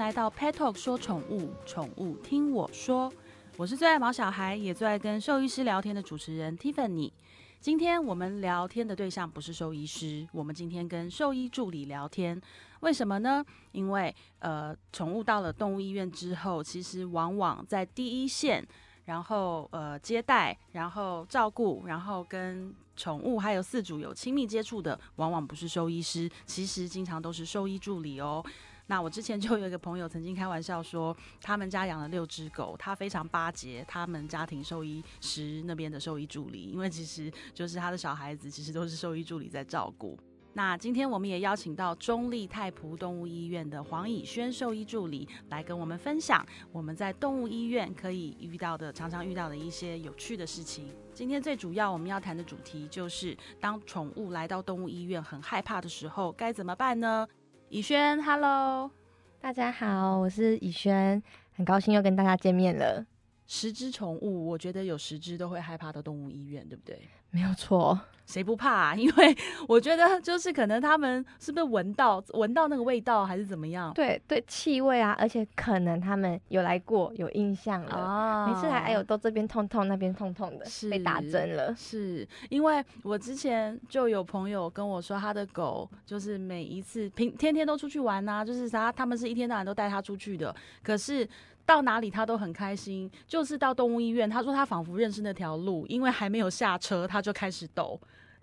來到 Pet Talk 說寵物，寵物聽我說，我是最愛毛小孩，也最愛跟獸醫師聊天的主持人 Tiffany。今天我們聊天的對象不是獸醫師，我們今天跟獸醫助理聊天，為什麼呢？因為呃，寵物到了動物醫院之後，其實往往在第一線，然後呃接待，然後照顧，然後跟寵物還有飼主有親密接觸的，往往不是獸醫師，其實經常都是獸醫助理哦。那我之前就有一個朋友曾經開玩笑說，他們家養了六隻狗，他非常巴結他們家庭獸醫師那邊的獸醫助理，因為其實就是他的小孩子，其實都是獸醫助理在照顧。那今天我們也邀請到中壢太樸動物醫院的黃以瑄獸醫助理來跟我們分享我們在動物醫院可以遇到的，常常遇到的一些有趣的事情。今天最主要我們要談的主題就是，當寵物來到動物醫院很害怕的時候，該怎麼辦呢？以瑄，哈嘍，大家好，我是以瑄，很高興又跟大家見面了。十隻寵物，我覺得有十隻都會害怕到動物醫院，對不對？沒有錯，誰不怕啊？因為我覺得就是可能他們是不是聞到聞到那個味道還是怎麼樣？對對，氣味啊，而且可能他們有來過，有印象了。每次來，哎呦，都這邊痛痛，那邊痛痛的，是被打針了。是，是因為我之前就有朋友跟我說，他的狗就是每一次平天天都出去玩吶，啊，就是啥，他們是一天到晚都帶它出去的。可是到哪裡他都很開心，就是到動物醫院，他說他仿佛認識那條路，因為還沒有下車，他。就開始抖，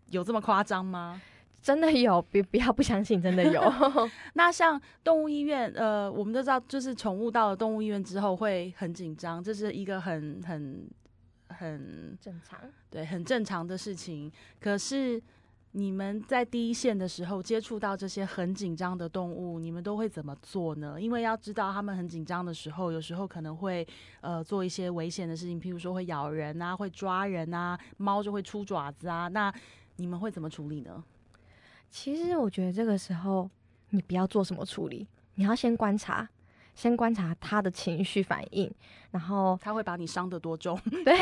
有這麼誇張嗎？真的有，別不要不相信，真的有。 那像動物醫院，呃，我們都知道，就是寵物到了動物醫院之後會很緊張，這是一個很很很正常，對，很正常的事情。可是。你們在第一線的時候接觸到這些很緊張的動物，你們都會怎麼做呢？因為要知道，他們很緊張的時候，有時候可能會呃做一些危險的事情，譬如說會咬人啊，會抓人啊，貓就會出爪子啊。那你們會怎麼處理呢？其實我覺得這個時候你不要做什麼處理，你要先觀察。先觀察他的情緒反應，然後他會把你傷得多重。 對，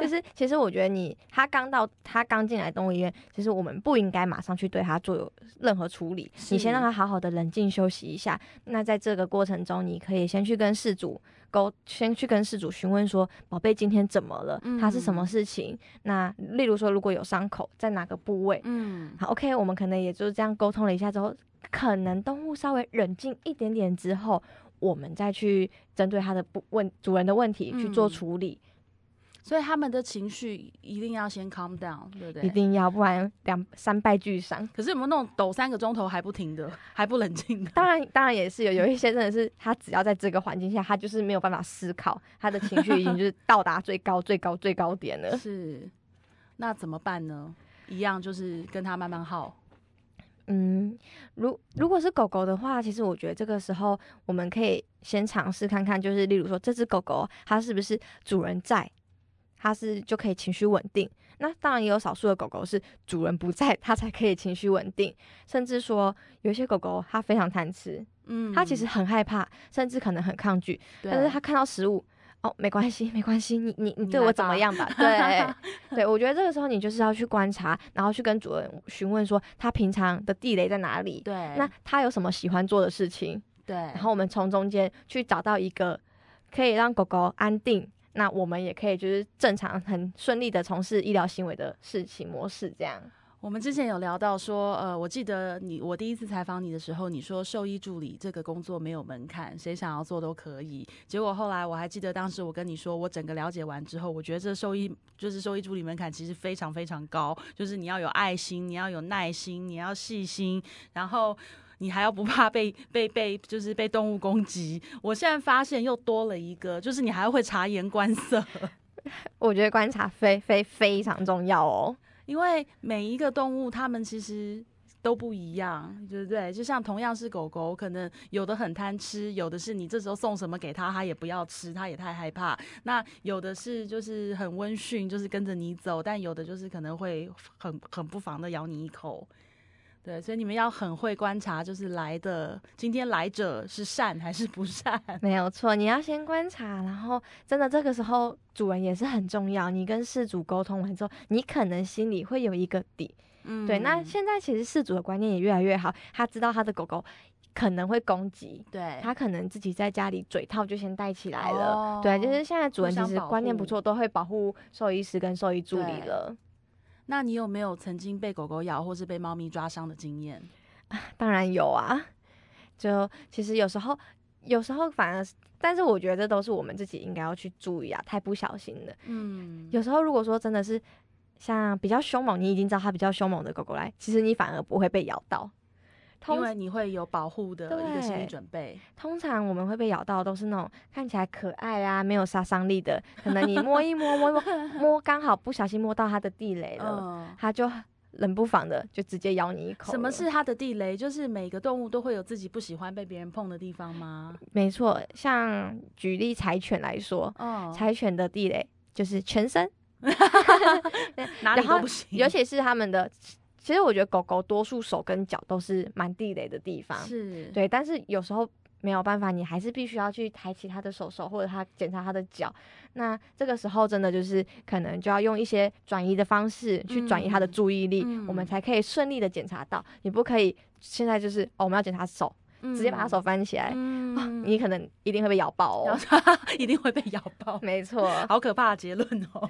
就是 其實我覺得你他剛到他剛進來動物醫院，其實我們不應該馬上去對他做有任何處理。你先讓他好好的冷靜休息一下。那在這個過程中，你可以先去跟飼主溝，先去跟飼主詢問說，寶貝今天怎麼了？他是什麼事情？嗯。那例如說如果有傷口，在哪個部位？嗯，好，OK，我們可能也就這樣溝通了一下之後。可能動物稍微冷靜一點點之後，我們再去針對它的不問主人的問題去做處理。嗯，所以他們的情緒一定要先 calm down，對不對？一定要，不然兩三敗俱傷。可是有沒有那種抖三個鐘頭還不停的，還不冷靜？當然，當然也是有，有一些真的是他只要在這個環境下，他就是沒有辦法思考，他的情緒已經就是到達最高、最高、最高點了。 是，那怎麼辦呢？一樣就是跟他慢慢耗。嗯，如如果是狗狗的話，其實我覺得這個時候我們可以先嘗試看看，就是例如說這只狗狗它是不是主人在，它是就可以情緒穩定。那當然也有少數的狗狗是主人不在，它才可以情緒穩定。甚至說有些狗狗它非常貪吃，嗯，它其實很害怕，甚至可能很抗拒，對，但是它看到食物。哦，沒關係，沒關係，你你你對我怎麼樣吧？對， 對，我覺得這個時候你就是要去觀察，然後去跟主人詢問說他平常的地雷在哪裡？對，那他有什麼喜歡做的事情？對，然後我們從中間去找到一個可以讓狗狗安定，那我們也可以就是正常很順利的從事醫療行為的事情模式這樣。我們之前有聊到說，呃，我記得你我第一次採訪你的時候，你說獸醫助理這個工作沒有門檻，誰想要做都可以。結果後來我還記得當時我跟你說，我整個了解完之後，我覺得這獸醫就是獸醫助理門檻其實非常非常高，就是你要有愛心，你要有耐心，你要細心，然後你還要不怕被被被就是被動物攻擊。我現在發現又多了一個，就是你還要會察言觀色。我覺得觀察非非非常重要哦。因為每一個動物，它們其實都不一樣，對不對？就像同樣是狗狗，可能有的很貪吃，有的是你這時候送什麼給他，他也不要吃，他也太害怕；那有的是就是很溫馴，就是跟着你走，但有的就是可能會很很不防的咬你一口。對，所以你們要很會觀察，就是來的今天來者是善還是不善？沒有錯，你要先觀察，然後真的這個時候主人也是很重要。你跟飼主溝通完之後，你可能心裡會有一個底。嗯、對。那現在其實飼主的觀念也越來越好，他知道他的狗狗可能會攻擊，對，他可能自己在家裡嘴套就先戴起來了。哦、對，就是現在主人其實觀念不錯，都會保護獸醫師跟獸醫助理了。那你有沒有曾經被狗狗咬或是被貓咪抓傷的經驗？啊，當然有啊，就其實有時候，有時候反而，但是我覺得都是我們自己應該要去注意啊，太不小心的。嗯，有時候如果說真的是像比較凶猛，你已經知道它比較凶猛的狗狗來，其實你反而不會被咬到。因為你會有保護的一個心理準備。通、通常我們會被咬到，都是那種看起來可愛啊、沒有殺傷力的。可能你摸一摸、摸一摸， 摸剛好不小心摸到它的地雷了，哦、它就冷不防的就直接咬你一口。什麼是它的地雷？就是每個動物都會有自己不喜歡被別人碰的地方嗎？沒錯，像舉例柴犬來說，哦，柴犬的地雷就是全身， 哪裡都不行，然後，尤其是他們的。其實我覺得狗狗多數手跟腳都是蠻地雷的地方，是對，但是有時候沒有辦法，你還是必須要去抬起它的手手，或者它檢查它的腳。那這個時候真的就是可能就要用一些轉移的方式去轉移它的注意力，嗯嗯，我們才可以順利的檢查到。你不可以現在就是哦，我們要檢查手，嗯，直接把它手翻起來，嗯，你可能一定會被咬爆哦， 一定會被咬爆，沒錯，好可怕的結論哦，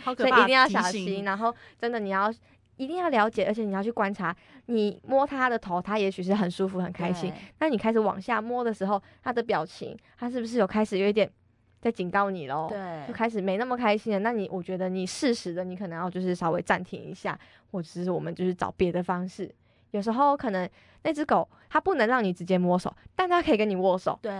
好可怕的，所以一定要小心。然後真的你要。一定要了解，而且你要去觀察。你摸它的頭，它也許是很舒服、很開心。那你開始往下摸的時候，它的表情，它是不是有開始有一點在警告你嘍？對，就開始沒那麼開心了。那你，我覺得你適時的，你可能要就是稍微暫停一下，或者是我們就是找別的方式。有時候可能那只狗它不能讓你直接摸手，但它可以跟你握手。對，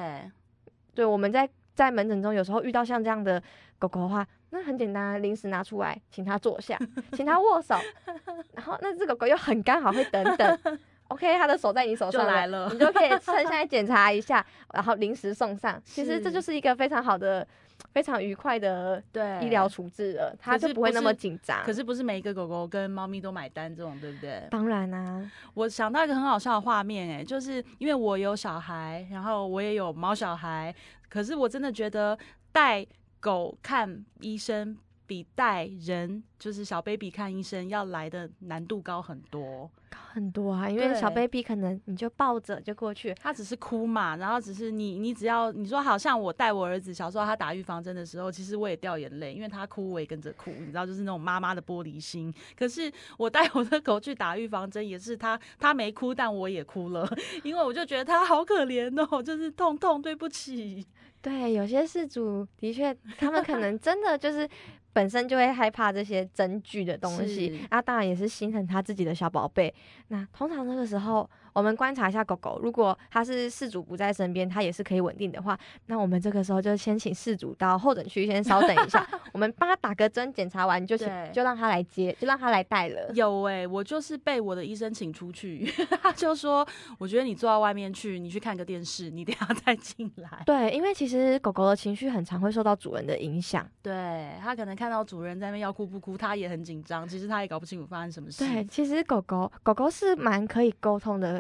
對，我們在在門診中有時候遇到像這樣的狗狗的話。那很簡單，零食拿出來，請他坐下，請他握手， 然後那只狗狗又很剛好會等等 ，OK，他的手在你手上，來了，你就可以趁現在檢查一下， 然後零食送上。其實這就是一個非常好的、非常愉快的醫療處置了，它就不會那麼緊張。可是不是每一個狗狗跟貓咪都買單這種，對不對？當然啊，我想到一個很好笑的畫面、欸，哎，就是因為我有小孩，然後我也有貓小孩，可是我真的覺得帶。狗看醫生比帶人，就是小 baby 看醫生要來的難度高很多，高很多啊！因為小 baby 可能你就抱着就過去，他只是哭嘛，然後只是你，你只要你說，好像我帶我兒子小時候他打預防針的時候，其實我也掉眼淚，因為他哭我也跟着哭，你知道就是那種媽媽的玻璃心。可是我帶我的狗去打預防針也是，他、他沒哭，但我也哭了，因為我就覺得他好可憐哦，就是痛痛，對不起。對，有些事主的確，他們可能真的就是本身就會害怕這些針具的東西 啊，當然也是心疼他自己的小寶貝。那通常這個時候，我們觀察一下狗狗，如果它是飼主不在身邊，它也是可以穩定的話，那我們這個時候就先請飼主到候診區，先稍等一下， 我們幫他打個針，檢查完就請就讓他來接，就讓他來帶了。有哎、欸，我就是被我的醫生請出去， 他就說我覺得你坐到外面去，你去看個電視，你等下再進來。對，因為其實狗狗的情緒很常會受到主人的影響，對，它可能看到主人在那邊要哭不哭，它也很緊張，其實它也搞不清楚發生什麼事。對，其實狗狗狗狗是蠻可以溝通的。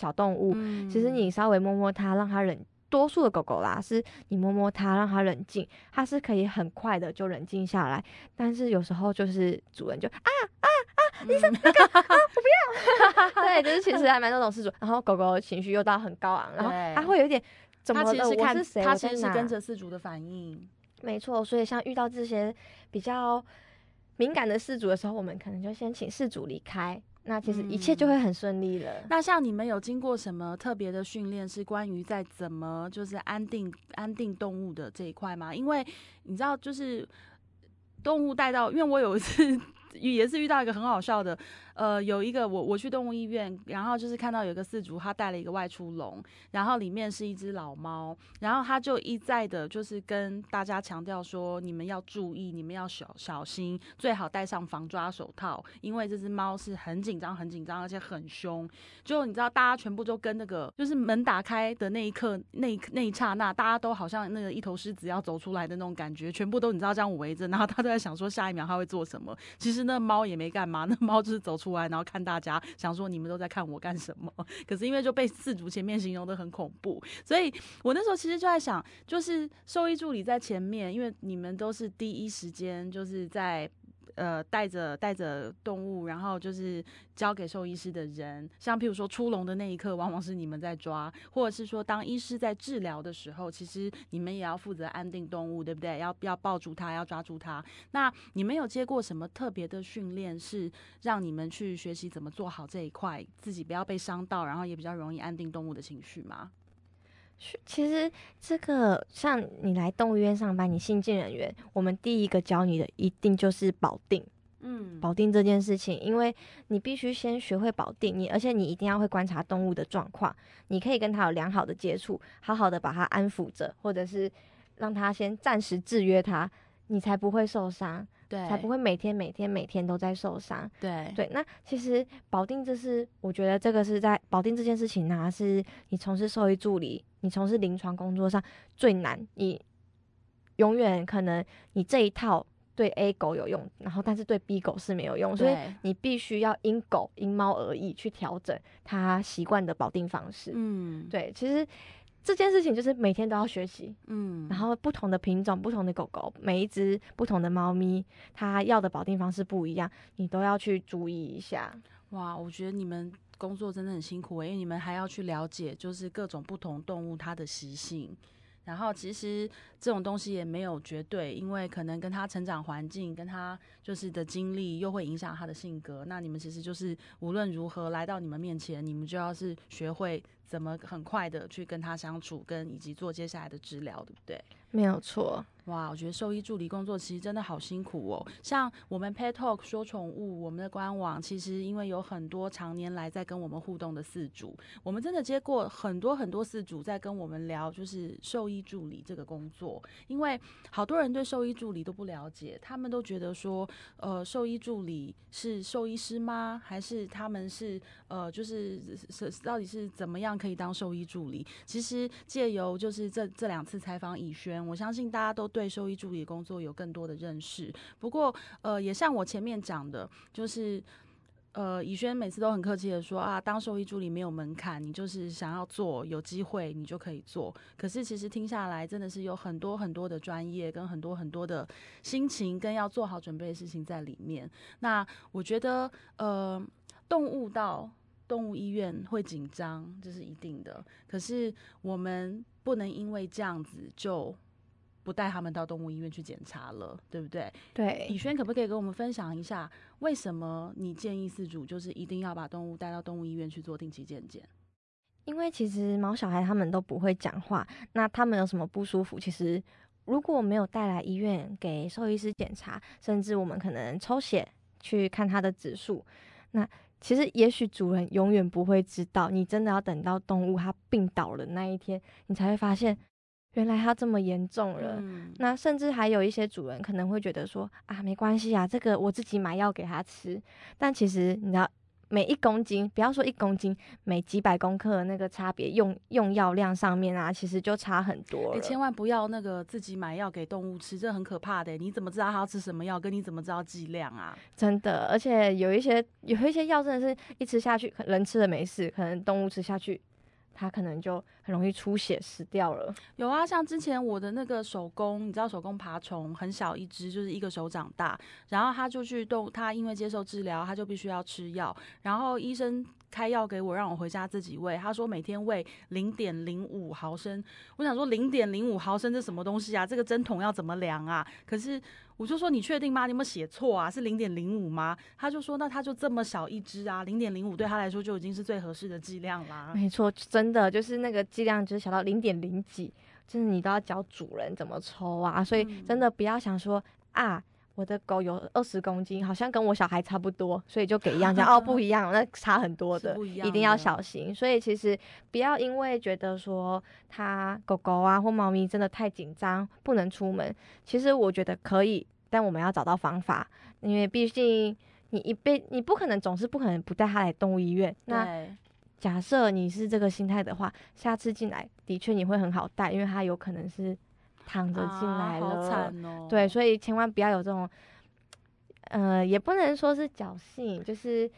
小動物、嗯，其實你稍微摸摸它，讓它冷。多數的狗狗啦，是你摸摸它，讓它冷靜，它是可以很快的就冷靜下來。但是有時候就是主人就啊啊啊！你是那個、嗯、啊， 啊，我不要。 對，就是其實還蠻多那種飼主。然後狗狗情緒又到很高昂，然後它會有點怎麼的其實是看？我是誰？它其實是跟着飼主的反應。沒錯，所以像遇到這些比較敏感的飼主的時候，我們可能就先請飼主離開。那其實一切就會很順利了。嗯，那像你們有經過什麼特別的訓練，是關於在怎麼就是安定安定動物的這一塊嗎？因為你知道，就是動物帶到，因為我有一次也是遇到一個很好笑的。呃，有一個我我去動物醫院，然後就是看到有個飼主他帶了一個外出籠，然後裡面是一隻老貓，然後他就一再的就是跟大家強調說，你們要注意，你們要小小心，最好戴上防抓手套，因為這隻貓是很緊張很緊張，而且很凶。就你知道大家全部都跟那個，就是門打開的那一刻，那一那一剎那，大家都好像那個一頭獅子要走出來的那種感覺，全部都你知道這樣圍着，然後他都在想說下一秒他會做什麼？其實那貓也沒幹嘛，那貓就是走。出來，然後看大家，想說你們都在看我幹什麼？可是因為就被四組前面形容得很恐怖，所以我那時候其實就在想，就是獸醫助理在前面，因為你們都是第一時間就是在。呃，帶着帶着動物，然後就是交給獸醫師的人，像譬如說出籠的那一刻，往往是你們在抓，或者是說當醫師在治療的時候，其實你們也要負責安定動物，對不對？要要抱住它，要抓住它。那你們有接過什麼特別的訓練，是讓你們去學習怎麼做好這一塊，自己不要被傷到，然後也比較容易安定動物的情緒嗎？其實這個像你來動物醫院上班，你新進人員，我們第一個教你的一定就是保定。嗯，保定這件事情，因為你必須先學會保定，你而且你一定要會觀察動物的狀況，你可以跟它有良好的接觸，好好的把它安撫着，或者是讓它先暫時制約它。你才不會受傷，對，才不會每天每天每天都在受傷，對對。那其實保定，這是我覺得這個是在保定這件事情呢、啊,是你從事獸醫助理，你從事臨床工作上最難。你永遠可能你這一套對 A 狗有用，然後但是對 B 狗是沒有用，所以你必須要因狗因貓而異去調整它習慣的保定方式。嗯，對，其實。這件事情就是每天都要學習，嗯，然後不同的品種、不同的狗狗，每一隻不同的貓咪，它要的保定方式不一樣，你都要去注意一下。哇，我覺得你們工作真的很辛苦欸，因為你們還要去了解，就是各種不同動物它的習性。然後其實這種東西也沒有絕對，因為可能跟他成長環境、跟他就是的經歷又會影響他的性格。那你們其實就是無論如何來到你們面前，你們就要是學會怎麼很快的去跟他相處，跟以及做接下來的治療，對不對？沒有錯。哇，我覺得獸醫助理工作其實真的好辛苦哦。像我們 Pet Talk 說寵物，我們的官網其實因為有很多常年來在跟我們互動的飼主，我們真的接過很多很多飼主在跟我們聊，就是獸醫助理這個工作。因為好多人對獸醫助理都不了解，他們都覺得說，呃，獸醫助理是獸醫師嗎？還是他們是呃，就是到底是怎麼樣可以當獸醫助理？其實借由就是這這兩次採訪以瑄，我相信大家都對。對獸醫助理工作有更多的認識，不過，呃，也像我前面講的，就是，呃，以瑄每次都很客氣的說啊，當獸醫助理沒有門檻，你就是想要做，有機會你就可以做。可是其實聽下來，真的是有很多很多的專業，跟很多很多的心情，跟要做好準備的事情在裡面。那我覺得，呃，動物到動物醫院會緊張，這，就是一定的。可是我們不能因為這樣子就不帶他們到動物醫院去檢查了，對不對？對。以瑄，可不可以跟我們分享一下，為什麼你建議飼主就是一定要把動物帶到動物醫院去做定期健檢？因為其實毛小孩他們都不會講話，那他們有什麼不舒服？其實如果沒有帶來醫院給獸醫師檢查，甚至我們可能抽血去看他的指數，那其實也許主人永遠不會知道。你真的要等到動物它病倒了那一天，你才會發現。原來它這麼嚴重了，嗯，那甚至還有一些主人可能會覺得說啊，沒關係啊，這個我自己買藥給它吃。但其實你知道，每一公斤，不要說一公斤，每幾百公克的那個差別用，用用藥量上面啊，其實就差很多。你千萬不要那個自己買藥給動物吃，這很可怕的。你怎麼知道它要吃什麼藥？跟你怎麼知道劑量啊？真的，而且有一些有一些藥，真的是一吃下去，人吃了沒事，可能動物吃下去。它可能就很容易出血死掉了。有啊，像之前我的那個手工，你知道手工爬蟲很小一隻，就是一個手掌大，然後它就去動，它因為接受治療，它就必須要吃藥，然後醫生。開藥給我，讓我回家自己餵。他說每天餵零點零五毫升。我想說零點零五毫升這什麼東西啊？這個針筒要怎麼量啊？可是我就說你確定嗎？你有沒有寫錯啊？是零點零五嗎？他就說那他就這麼小一隻啊，零點零五對他來說就已經是最合適的劑量啦。沒錯，真的就是那個劑量，就是小到零點零幾，就是你都要教主人怎麼抽啊。所以真的不要想說、嗯、啊。我的狗有二十公斤，好像跟我小孩差不多，所以就給一樣價。 哦，不一樣，那差很多的，不一樣的，一定要小心。所以其實不要因為覺得說它，狗狗啊或貓咪真的太緊張不能出門。其實我覺得可以，但我們要找到方法。因為畢竟你一輩，你不可能總是不可能不帶它來動物醫院。那假設你是這個心態的話，下次進來的確你會很好帶，因為它有可能是。躺着進來了，啊，好慘哦，對，所以千萬不要有這種，呃，也不能說是僥幸，就是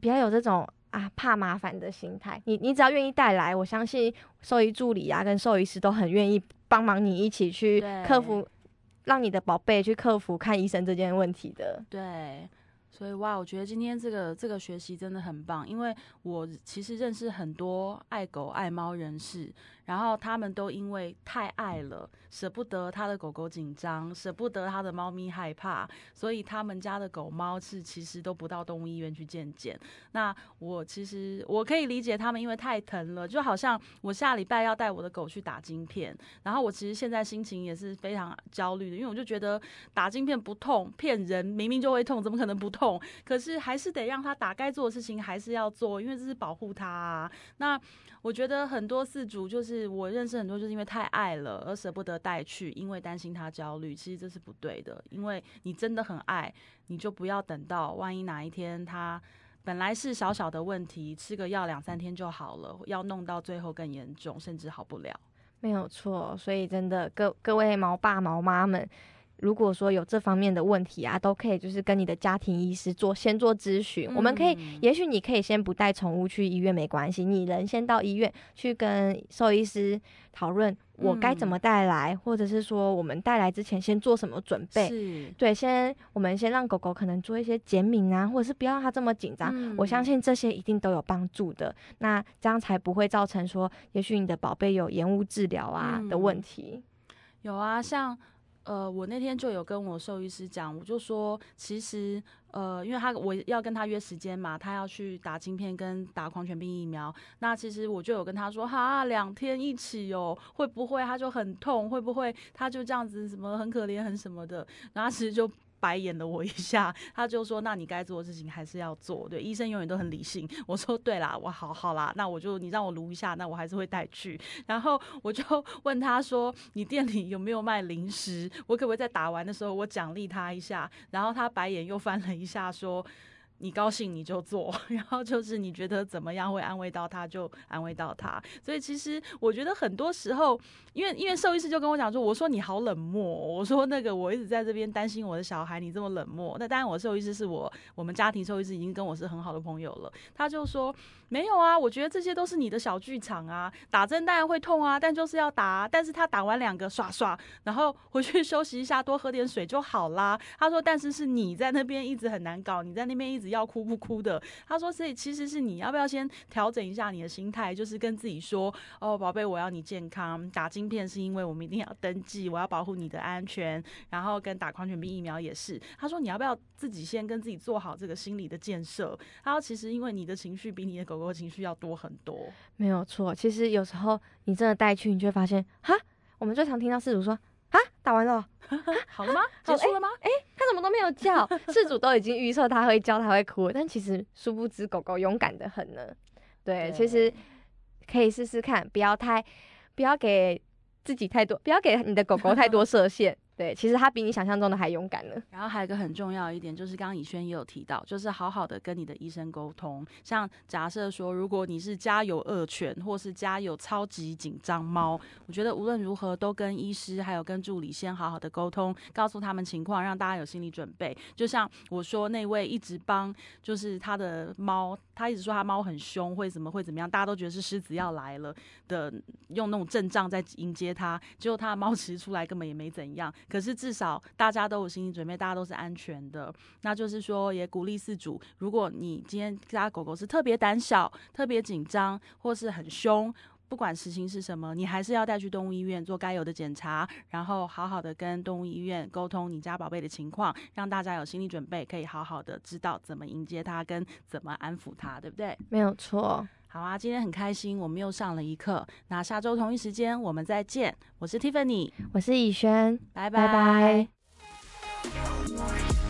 不要有這種啊，怕麻煩的心態。你你只要願意帶來，我相信獸醫助理啊，跟獸醫師都很願意幫忙你一起去克服，讓你的寶貝去克服看醫生這件問題的。對，所以哇，我覺得今天這個這個學習真的很棒，因為我其實認識很多愛狗愛貓人士。然後他們都因為太愛了，捨不得他的狗狗緊張，捨不得他的貓咪害怕，所以他們家的狗貓是其實都不到動物醫院去健檢。那我其實我可以理解他們，因為太疼了，就好像我下禮拜要帶我的狗去打晶片，然後我其實現在心情也是非常焦慮的，因為我就覺得打晶片不痛，騙人，明明就會痛，怎麼可能不痛？可是還是得讓他打，該做的事情還是要做，因為這是保護他啊。那我覺得很多飼主就是。是我認識很多，就是因為太愛了而舍不得帶去，因為擔心他焦慮。其實這是不對的，因為你真的很愛，你就不要等到萬一哪一天他本來是小小的問題，吃個藥兩三天就好了，要弄到最後更嚴重，甚至好不了，沒有錯。所以真的，各各位毛爸、毛媽們。如果說有這方面的問題啊，都可以就是跟你的家庭醫師做先做諮詢。嗯。我們可以，也許你可以先不帶寵物去醫院，沒關係，你人先到醫院去跟獸醫師討論我該怎麼帶來。嗯，或者是說我們帶來之前先做什麼準備。是，對，先我們先讓狗狗可能做一些減敏啊，或者是不要讓它這麼緊張。嗯。我相信這些一定都有幫助的。那這樣才不會造成說，也許你的寶貝有延誤治療啊的問題。嗯，有啊，像。呃，我那天就有跟我獸醫師講，我就說，其實，呃，因為他我要跟他約時間嘛，他要去打晶片、跟打狂犬病疫苗。那其實我就有跟他說，哈、啊，兩天一起哦，會不會他就很痛？會不會他就這樣子什麼很可憐很什麼的？然後其實就。白眼了我一下，他就說：“那你該做的事情還是要做。”對，醫生永遠都很理性。我說：“對啦，我好好啦，那我就你讓我擼一下，那我還是會帶去。”然後我就問他說：“你店裡有沒有賣零食？我可不可以在打完的時候我獎勵他一下？”然後他白眼又翻了一下說。你高興你就做，然後就是你覺得怎麼樣會安慰到他，就安慰到他。所以其實我覺得很多時候，因為因為獸醫師就跟我講說，我說你好冷漠，我說那個我一直在這邊擔心我的小孩，你這麼冷漠。那當然，我獸醫師是我我們家庭獸醫師已經跟我是很好的朋友了。他就說沒有啊，我覺得這些都是你的小劇場啊，打針當然會痛啊，但就是要打啊。但是他打完兩個刷刷，然後回去休息一下，多喝點水就好啦。他說，但是是你在那邊一直很難搞，你在那邊一直。要哭不哭的，他說，所以其實是你要不要先調整一下你的心態，就是跟自己說，哦，寶貝，我要你健康，打晶片是因為我們一定要登記，我要保護你的安全，然後跟打狂犬病疫苗也是。他說，你要不要自己先跟自己做好這個心理的建設？他說，其實因為你的情緒比你的狗狗情緒要多很多，沒有錯。其實有時候你真的帶去，你就會發現，哈，我們最常聽到飼主說。啊，打完了、 啊，好了嗎？結束了嗎？哎、欸，它、欸、怎麼都沒有叫？飼 主都已經預測它會叫，它會哭，但其實殊不知狗狗勇敢得很呢。對，對其實可以試試看，不要太，不要給自己太多，不要給你的狗狗太多設限。 對，其實他比你想象中的還勇敢呢。然後還有一個很重要一點，就是剛剛以瑄也有提到，就是好好的跟你的醫生溝通。像假設說，如果你是家有惡犬，或是家有超級緊張貓，我覺得無論如何都跟醫師還有跟助理先好好的溝通，告訴他們情況，讓大家有心理準備。就像我說那位一直幫，就是他的貓，他一直說他貓很凶，會怎麼會怎麼樣，大家都覺得是獅子要來了的，用那種陣仗在迎接他。結果他的貓其實出來根本也沒怎樣。可是至少大家都有心理準備，大家都是安全的。那就是說，也鼓勵飼主，如果你今天家狗狗是特別膽小、特別緊張或是很凶，不管實情是什麼，你還是要帶去動物醫院做該有的檢查，然後好好的跟動物醫院溝通你家寶貝的情況，讓大家有心理準備，可以好好的知道怎麼迎接它跟怎麼安撫它，對不對？沒有錯。好啊，今天很開心，我們又上了一課。那下周同一時間我們再見。我是 Tiffany，我是以瑄，拜拜拜，拜。